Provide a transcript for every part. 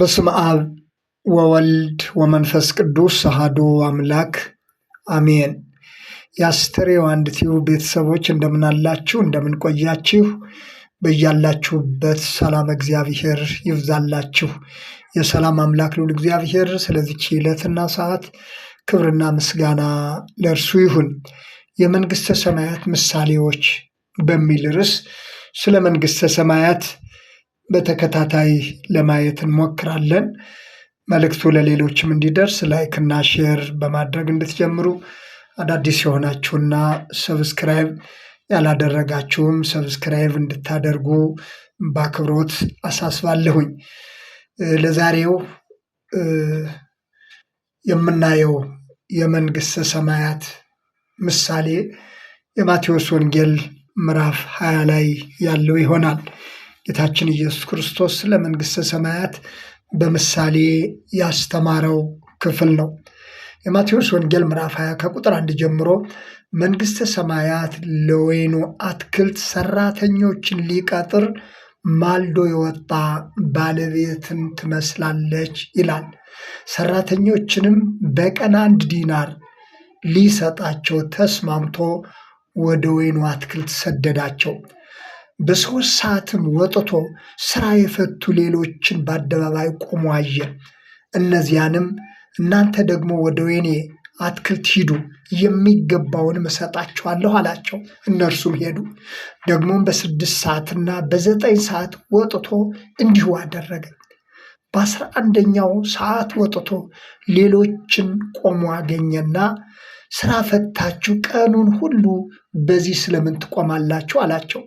በስም አብ ወወልድ ወመንፈስ ቅዱስ ሰሃዶ አምላክ አሜን። የአስተርእዮ አንድ ቲዩብ ቤተሰቦች እንደምናላችሁ እንደምንቆያችሁ፣ በያላችሁበት ሰላም እግዚአብሔር ይብዛላችሁ። የሰላም አምላክ ልዑል እግዚአብሔር ስለዚች ዕለትና ሰዓት ክብርና ምስጋና ለእርሱ ይሁን። የመንግሥተ ሰማያት ምሳሌዎች በሚል ርዕስ ስለ መንግሥተ ሰማያት በተከታታይ ለማየት እንሞክራለን። መልእክቱ ለሌሎችም እንዲደርስ ላይክ እና ሼር በማድረግ እንድትጀምሩ አዳዲስ የሆናችሁና ሰብስክራይብ ያላደረጋችሁም ሰብስክራይብ እንድታደርጉ በአክብሮት አሳስባለሁኝ። ለዛሬው የምናየው የመንግስት ሰማያት ምሳሌ የማቴዎስ ወንጌል ምዕራፍ 20 ላይ ያለው ይሆናል። ጌታችን ኢየሱስ ክርስቶስ ስለ መንግሥተ ሰማያት በምሳሌ ያስተማረው ክፍል ነው። የማቴዎስ ወንጌል ምዕራፍ 20 ከቁጥር አንድ ጀምሮ መንግሥተ ሰማያት ለወይኑ አትክልት ሰራተኞችን ሊቀጥር ማልዶ የወጣ ባለቤትን ትመስላለች ይላል። ሰራተኞችንም በቀን አንድ ዲናር ሊሰጣቸው ተስማምቶ ወደ ወይኑ አትክልት ሰደዳቸው። በሶስት ሰዓትም ወጥቶ ስራ የፈቱ ሌሎችን በአደባባይ ቆሞ አየ። እነዚያንም እናንተ ደግሞ ወደ ወይኔ አትክልት ሂዱ የሚገባውን እሰጣችኋለሁ አላቸው። እነርሱም ሄዱ። ደግሞም በስድስት ሰዓትና በዘጠኝ ሰዓት ወጥቶ እንዲሁ አደረገ። በአስራ አንደኛው ሰዓት ወጥቶ ሌሎችን ቆሞ አገኘና ስራ ፈታችሁ ቀኑን ሁሉ በዚህ ስለምን ትቆማላችሁ? አላቸው።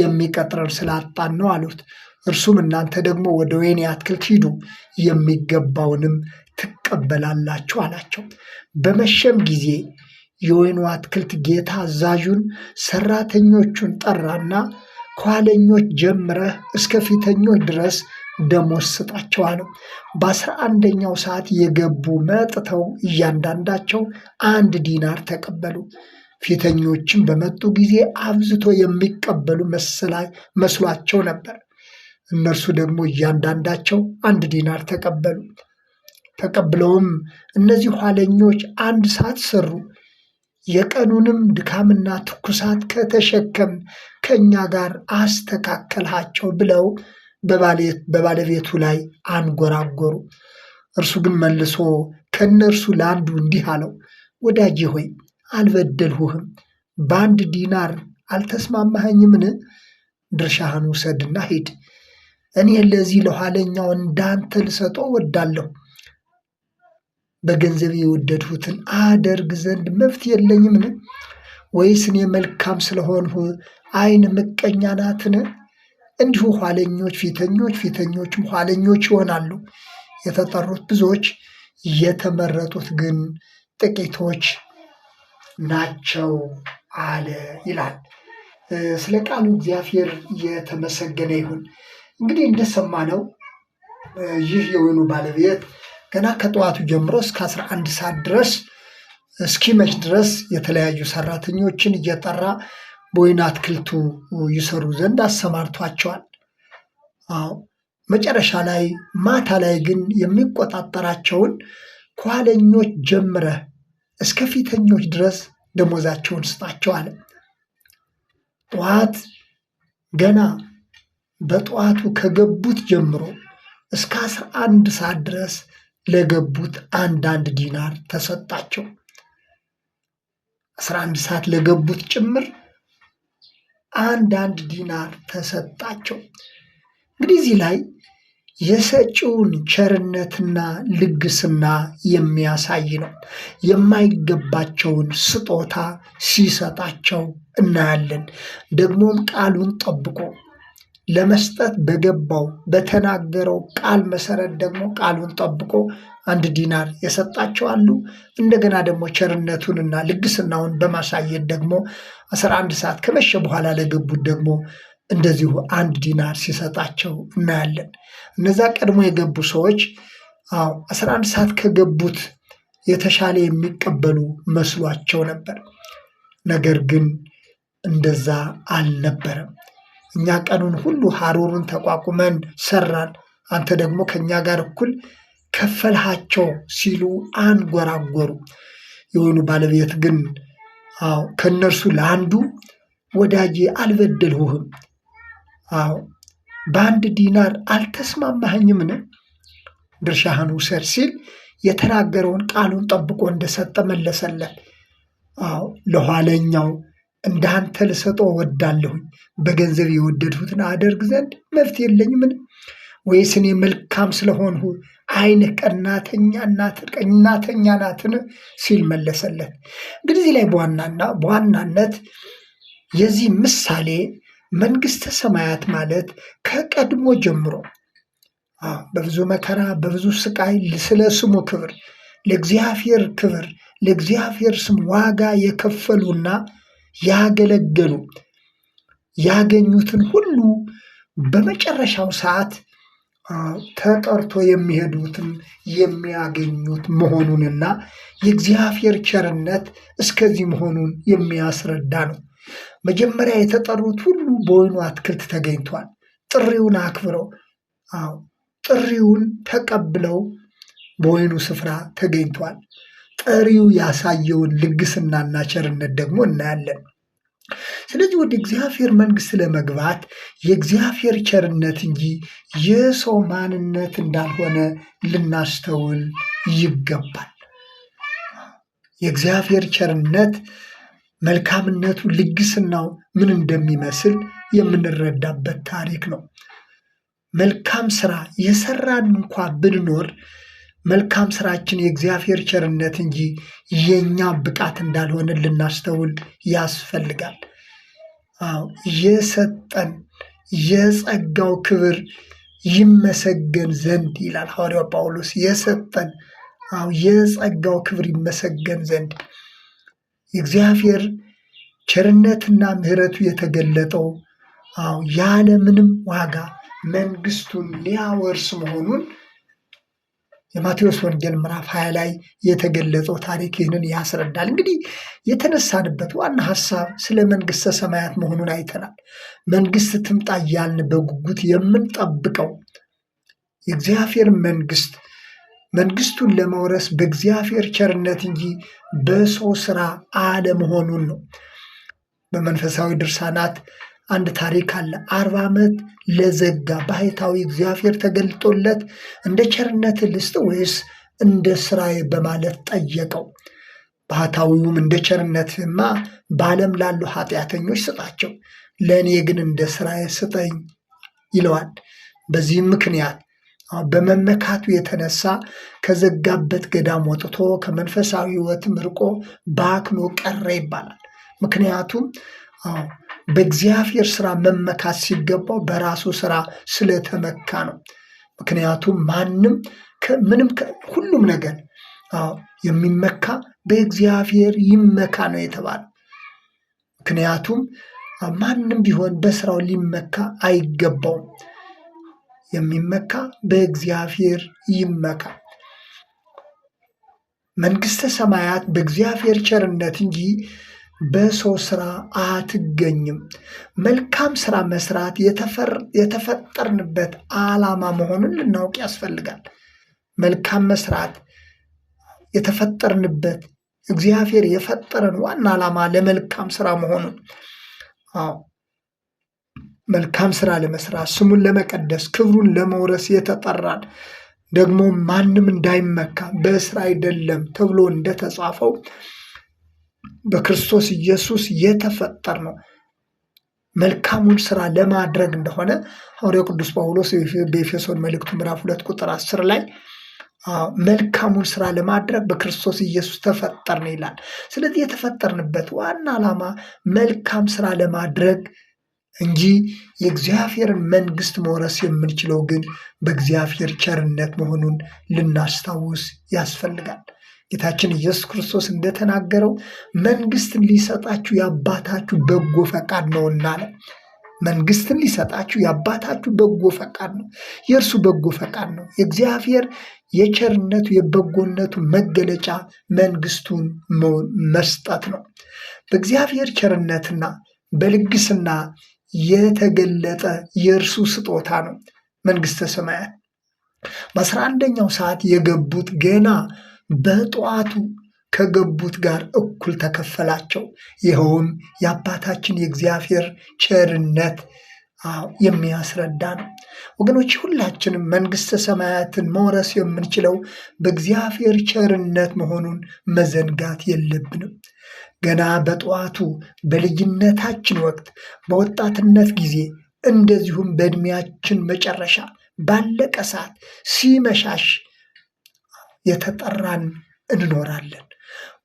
የሚቀጥረን ስላጣን ነው አሉት። እርሱም እናንተ ደግሞ ወደ ወይኔ አትክልት ሂዱ የሚገባውንም ትቀበላላችሁ አላቸው። በመሸም ጊዜ የወይኑ አትክልት ጌታ አዛዡን ሰራተኞቹን ጠራና ከኋለኞች ጀምረህ እስከ ፊተኞች ድረስ ደሞዝ ስጣቸው አለ። በአስራ አንደኛው ሰዓት የገቡ መጥተው እያንዳንዳቸው አንድ ዲናር ተቀበሉ። ፊተኞችም በመጡ ጊዜ አብዝቶ የሚቀበሉ መስሏቸው ነበር። እነርሱ ደግሞ እያንዳንዳቸው አንድ ዲናር ተቀበሉ። ተቀብለውም እነዚህ ኋለኞች አንድ ሰዓት ሰሩ፣ የቀኑንም ድካምና ትኩሳት ከተሸከም ከእኛ ጋር አስተካከልሃቸው ብለው በባለቤቱ ላይ አንጎራጎሩ። እርሱ ግን መልሶ ከእነርሱ ለአንዱ እንዲህ አለው፣ ወዳጄ ሆይ አልበደልሁህም፣ በአንድ ዲናር አልተስማማኸኝምን? ድርሻህን ውሰድና ሂድ። እኔ ለዚህ ለኋለኛው እንዳንተ ልሰጠው ወዳለሁ። በገንዘብ የወደድሁትን አደርግ ዘንድ መብት የለኝምን? ወይስ እኔ መልካም ስለሆንሁ ዓይን ምቀኛ ናትን? እንዲሁ ኋለኞች ፊተኞች፣ ፊተኞችም ኋለኞች ይሆናሉ። የተጠሩት ብዙዎች፣ የተመረጡት ግን ጥቂቶች ናቸው አለ ይላል። ስለ ቃሉ እግዚአብሔር የተመሰገነ ይሁን። እንግዲህ እንደሰማነው ይህ የወይኑ ባለቤት ገና ከጠዋቱ ጀምሮ እስከ 11 ሰዓት ድረስ እስኪመች ድረስ የተለያዩ ሰራተኞችን እየጠራ በወይን አትክልቱ ይሰሩ ዘንድ አሰማርቷቸዋል። መጨረሻ ላይ ማታ ላይ ግን የሚቆጣጠራቸውን ከኋለኞች ጀምረህ እስከ ፊተኞች ድረስ ደሞዛቸውን ስጣቸው አለ። ጠዋት ገና በጠዋቱ ከገቡት ጀምሮ እስከ አስራ አንድ ሰዓት ድረስ ለገቡት አንዳንድ ዲናር ተሰጣቸው። አስራ አንድ ሰዓት ለገቡት ጭምር አንዳንድ ዲናር ተሰጣቸው። እንግዲህ እዚህ ላይ የሰጪውን ቸርነትና ልግስና የሚያሳይ ነው። የማይገባቸውን ስጦታ ሲሰጣቸው እናያለን። ደግሞም ቃሉን ጠብቆ ለመስጠት በገባው በተናገረው ቃል መሰረት ደግሞ ቃሉን ጠብቆ አንድ ዲናር የሰጣቸው አሉ። እንደገና ደግሞ ቸርነቱንና ልግስናውን በማሳየት ደግሞ 11 ሰዓት ከመሸ በኋላ ለገቡት ደግሞ እንደዚሁ አንድ ዲናር ሲሰጣቸው እናያለን። እነዛ ቀድሞ የገቡ ሰዎች አዎ 11 ሰዓት ከገቡት የተሻለ የሚቀበሉ መስሏቸው ነበር። ነገር ግን እንደዛ አልነበረም። እኛ ቀኑን ሁሉ ሀሩርን ተቋቁመን ሰራን፣ አንተ ደግሞ ከእኛ ጋር እኩል ከፈልሃቸው ሲሉ አንጎራጎሩ። የወይኑ ባለቤት ግን አዎ ከእነርሱ ለአንዱ ወዳጄ አልበደልሁህም፣ አዎ በአንድ ዲናር አልተስማማኸኝምን? ድርሻህን ውሰድ ሲል የተናገረውን ቃሉን ጠብቆ እንደሰጠ መለሰለት። አዎ ለኋለኛው እንዳንተ ልሰጦ ወዳለሁኝ በገንዘብ የወደድሁትን አደርግ ዘንድ መብት የለኝምን? ወይስ እኔ መልካም ስለሆንሁ አይን ቀናተኛ ቀናተኛ ናትን? ሲል መለሰለት። እንግዲህ እዚህ ላይ በዋናና በዋናነት የዚህ ምሳሌ መንግስተ ሰማያት ማለት ከቀድሞ ጀምሮ በብዙ መከራ በብዙ ስቃይ ስለ ስሙ ክብር ለእግዚአብሔር ክብር ለእግዚአብሔር ስም ዋጋ የከፈሉና ያገለገሉ ያገኙትን ሁሉ በመጨረሻው ሰዓት ተጠርቶ የሚሄዱትን የሚያገኙት መሆኑንና የእግዚአብሔር ቸርነት እስከዚህ መሆኑን የሚያስረዳ ነው። መጀመሪያ የተጠሩት ሁሉ በወይኑ አትክልት ተገኝቷል። ጥሪውን አክብረው ጥሪውን ተቀብለው በወይኑ ስፍራ ተገኝቷል። ቀሪው ያሳየውን ልግስናና ቸርነት ደግሞ እናያለን። ስለዚህ ወደ እግዚአብሔር መንግስት ለመግባት የእግዚአብሔር ቸርነት እንጂ የሰው ማንነት እንዳልሆነ ልናስተውል ይገባል። የእግዚአብሔር ቸርነት መልካምነቱ፣ ልግስናው ምን እንደሚመስል የምንረዳበት ታሪክ ነው። መልካም ስራ የሰራን እንኳ ብንኖር መልካም ስራችን የእግዚአብሔር ቸርነት እንጂ የእኛ ብቃት እንዳልሆነ ልናስተውል ያስፈልጋል። የሰጠን የጸጋው ክብር ይመሰገን ዘንድ ይላል ሐዋርያው ጳውሎስ። የሰጠን የጸጋው ክብር ይመሰገን ዘንድ የእግዚአብሔር ቸርነትና ምሕረቱ የተገለጠው ያለምንም ዋጋ መንግስቱን ሊያወርስ መሆኑን የማቴዎስ ወንጌል ምዕራፍ ሀያ ላይ የተገለጸው ታሪክ ይህንን ያስረዳል። እንግዲህ የተነሳንበት ዋና ሀሳብ ስለ መንግስተ ሰማያት መሆኑን አይተናል። መንግስት ትምጣ እያልን በጉጉት የምንጠብቀው የእግዚአብሔር መንግስት መንግስቱን ለመውረስ በእግዚአብሔር ቸርነት እንጂ በሰው ስራ አለመሆኑን ነው። በመንፈሳዊ ድርሳናት አንድ ታሪክ አለ። አርባ ዓመት ለዘጋ ባህታዊ እግዚአብሔር ተገልጦለት እንደ ቸርነት ልስጥ ወይስ እንደ ስራዬ በማለት ጠየቀው። ባህታዊውም እንደ ቸርነትህማ በዓለም ላሉ ኃጢአተኞች ስጣቸው፣ ለእኔ ግን እንደ ስራዬ ስጠኝ ይለዋል። በዚህም ምክንያት በመመካቱ የተነሳ ከዘጋበት ገዳም ወጥቶ ከመንፈሳዊ ሕይወትም ርቆ በአክኖ ቀረ ይባላል። ምክንያቱም በእግዚአብሔር ስራ መመካት ሲገባው በራሱ ስራ ስለተመካ ነው። ምክንያቱም ማንም ምንም ሁሉም ነገር የሚመካ በእግዚአብሔር ይመካ ነው የተባለ። ምክንያቱም ማንም ቢሆን በስራው ሊመካ አይገባውም። የሚመካ በእግዚአብሔር ይመካ። መንግስተ ሰማያት በእግዚአብሔር ቸርነት እንጂ በሰው ስራ አትገኝም። መልካም ስራ መስራት የተፈጠርንበት ዓላማ መሆኑን ልናውቅ ያስፈልጋል። መልካም መስራት የተፈጠርንበት እግዚአብሔር የፈጠረን ዋና ዓላማ ለመልካም ስራ መሆኑን አዎ መልካም ስራ ለመስራት ስሙን ለመቀደስ ክብሩን ለመውረስ የተጠራን ደግሞ ማንም እንዳይመካ በስራ አይደለም ተብሎ እንደተጻፈው በክርስቶስ ኢየሱስ የተፈጠር ነው መልካሙን ስራ ለማድረግ እንደሆነ ሐዋርያው ቅዱስ ጳውሎስ በኤፌሶን መልእክቱ ምዕራፍ ሁለት ቁጥር አስር ላይ መልካሙን ስራ ለማድረግ በክርስቶስ ኢየሱስ ተፈጠርን ይላል። ስለዚህ የተፈጠርንበት ዋና ዓላማ መልካም ስራ ለማድረግ እንጂ የእግዚአብሔርን መንግስት መውረስ የምንችለው ግን በእግዚአብሔር ቸርነት መሆኑን ልናስታውስ ያስፈልጋል። ጌታችን ኢየሱስ ክርስቶስ እንደተናገረው መንግስትን ሊሰጣችሁ የአባታችሁ በጎ ፈቃድ ነውና አለ። መንግስትን ሊሰጣችሁ የአባታችሁ በጎ ፈቃድ ነው። የእርሱ በጎ ፈቃድ ነው። የእግዚአብሔር የቸርነቱ የበጎነቱ መገለጫ መንግስቱን መስጠት ነው። በእግዚአብሔር ቸርነትና በልግስና የተገለጠ የእርሱ ስጦታ ነው መንግስተ ሰማያት። በአስራ አንደኛው ሰዓት የገቡት ገና በጠዋቱ ከገቡት ጋር እኩል ተከፈላቸው። ይኸውም የአባታችን የእግዚአብሔር ቸርነት የሚያስረዳ ነው። ወገኖች ሁላችንም መንግሥተ ሰማያትን መውረስ የምንችለው በእግዚአብሔር ቸርነት መሆኑን መዘንጋት የለብንም። ገና በጠዋቱ በልጅነታችን ወቅት፣ በወጣትነት ጊዜ እንደዚሁም በዕድሜያችን መጨረሻ ባለቀ ሰዓት ሲመሻሽ የተጠራን እንኖራለን።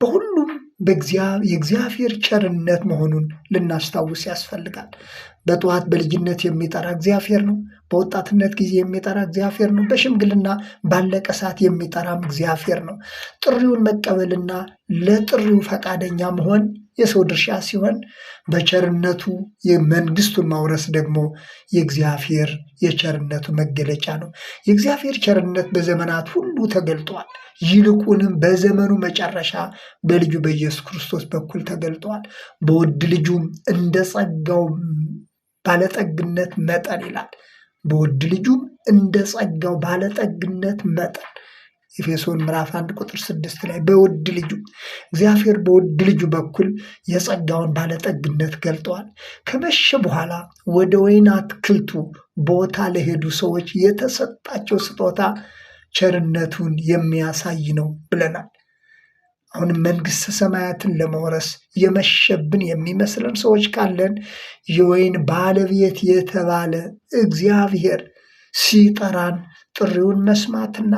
በሁሉም የእግዚአብሔር ቸርነት መሆኑን ልናስታውስ ያስፈልጋል። በጠዋት በልጅነት የሚጠራ እግዚአብሔር ነው። በወጣትነት ጊዜ የሚጠራ እግዚአብሔር ነው። በሽምግልና ባለቀ ሰዓት የሚጠራም እግዚአብሔር ነው። ጥሪውን መቀበልና ለጥሪው ፈቃደኛ መሆን የሰው ድርሻ ሲሆን በቸርነቱ የመንግስቱን ማውረስ ደግሞ የእግዚአብሔር የቸርነቱ መገለጫ ነው። የእግዚአብሔር ቸርነት በዘመናት ሁሉ ተገልጧል። ይልቁንም በዘመኑ መጨረሻ በልጁ በኢየሱስ ክርስቶስ በኩል ተገልጧል። በውድ ልጁም እንደ ጸጋው ባለጠግነት መጠን ይላል። በውድ ልጁም እንደ ጸጋው ባለጠግነት መጠን ኤፌሶን ምዕራፍ አንድ ቁጥር ስድስት ላይ በውድ ልጁ እግዚአብሔር በውድ ልጁ በኩል የጸጋውን ባለጠግነት ገልጠዋል። ከመሸ በኋላ ወደ ወይን አትክልቱ ቦታ ለሄዱ ሰዎች የተሰጣቸው ስጦታ ቸርነቱን የሚያሳይ ነው ብለናል። አሁንም መንግስተ ሰማያትን ለመውረስ የመሸብን የሚመስለን ሰዎች ካለን የወይን ባለቤት የተባለ እግዚአብሔር ሲጠራን ጥሪውን መስማትና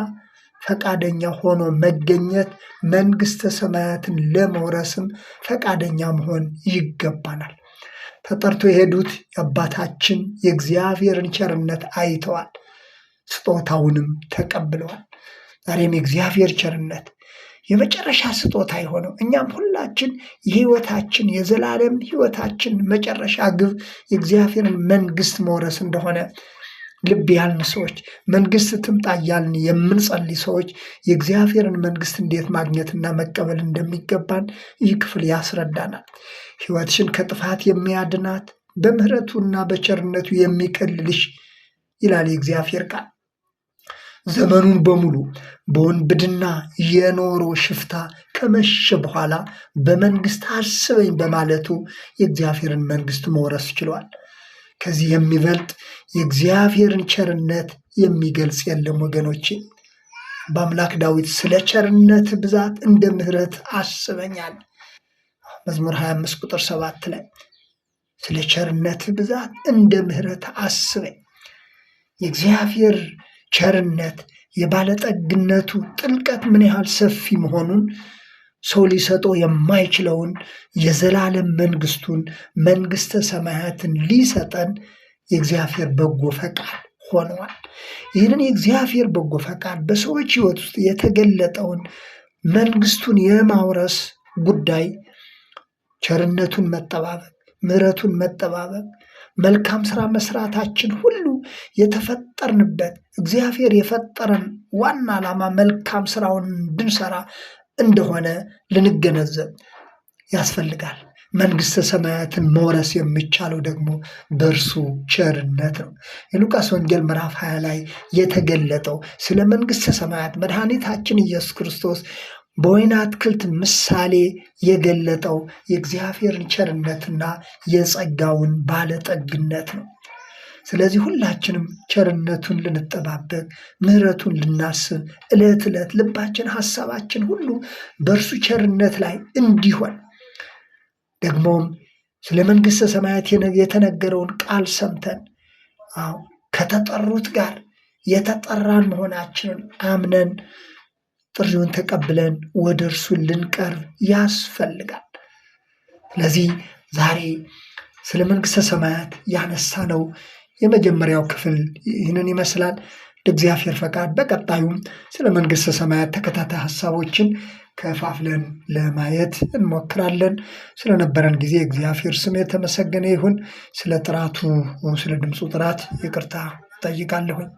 ፈቃደኛ ሆኖ መገኘት መንግስተ ሰማያትን ለመውረስም ፈቃደኛ መሆን ይገባናል። ተጠርቶ የሄዱት የአባታችን የእግዚአብሔርን ቸርነት አይተዋል፣ ስጦታውንም ተቀብለዋል። ዛሬም የእግዚአብሔር ቸርነት የመጨረሻ ስጦታ የሆነው እኛም ሁላችን የህይወታችን የዘላለም ህይወታችን መጨረሻ ግብ የእግዚአብሔርን መንግስት መውረስ እንደሆነ ልብ ያልን ሰዎች መንግስት ትምጣ እያልን የምንጸልይ ሰዎች የእግዚአብሔርን መንግስት እንዴት ማግኘትና መቀበል እንደሚገባን ይህ ክፍል ያስረዳናል። ህይወትሽን ከጥፋት የሚያድናት በምህረቱና በቸርነቱ የሚከልልሽ ይላል የእግዚአብሔር ቃል። ዘመኑን በሙሉ በወንብድና የኖሮ ሽፍታ ከመሸ በኋላ በመንግስት አስበኝ በማለቱ የእግዚአብሔርን መንግስት መውረስ ችሏል። ከዚህ የሚበልጥ የእግዚአብሔርን ቸርነት የሚገልጽ የለም ወገኖችን በአምላክ ዳዊት ስለ ቸርነት ብዛት እንደ ምሕረት አስበኛል መዝሙር 25 ቁጥር 7 ላይ ስለ ቸርነት ብዛት እንደ ምሕረት አስበኝ የእግዚአብሔር ቸርነት፣ የባለጠግነቱ ጥልቀት ምን ያህል ሰፊ መሆኑን ሰው ሊሰጠው የማይችለውን የዘላለም መንግስቱን መንግስተ ሰማያትን ሊሰጠን የእግዚአብሔር በጎ ፈቃድ ሆነዋል። ይህንን የእግዚአብሔር በጎ ፈቃድ በሰዎች ህይወት ውስጥ የተገለጠውን መንግስቱን የማውረስ ጉዳይ ቸርነቱን መጠባበቅ፣ ምሕረቱን መጠባበቅ መልካም ስራ መስራታችን ሁሉ የተፈጠርንበት እግዚአብሔር የፈጠረን ዋና ዓላማ መልካም ስራውን እንድንሰራ እንደሆነ ልንገነዘብ ያስፈልጋል። መንግስተ ሰማያትን መውረስ የሚቻለው ደግሞ በእርሱ ቸርነት ነው። የሉቃስ ወንጌል ምዕራፍ 20 ላይ የተገለጠው ስለ መንግስተ ሰማያት መድኃኒታችን ኢየሱስ ክርስቶስ በወይን አትክልት ምሳሌ የገለጠው የእግዚአብሔርን ቸርነትና የጸጋውን ባለጠግነት ነው። ስለዚህ ሁላችንም ቸርነቱን ልንጠባበቅ፣ ምሕረቱን ልናስብ፣ ዕለት ዕለት ልባችን፣ ሀሳባችን ሁሉ በእርሱ ቸርነት ላይ እንዲሆን ደግሞም ስለ መንግሥተ ሰማያት የተነገረውን ቃል ሰምተን ከተጠሩት ጋር የተጠራን መሆናችንን አምነን ጥሪውን ተቀብለን ወደ እርሱ ልንቀርብ ያስፈልጋል። ስለዚህ ዛሬ ስለ መንግሥተ ሰማያት ያነሳ ነው የመጀመሪያው ክፍል ይህንን ይመስላል። ለእግዚአብሔር ፈቃድ በቀጣዩም ስለ መንግሥተ ሰማያት ተከታታይ ሀሳቦችን ከፋፍለን ለማየት እንሞክራለን። ስለነበረን ጊዜ እግዚአብሔር ስም የተመሰገነ ይሁን። ስለ ጥራቱ፣ ስለ ድምፁ ጥራት ይቅርታ እጠይቃለሁኝ።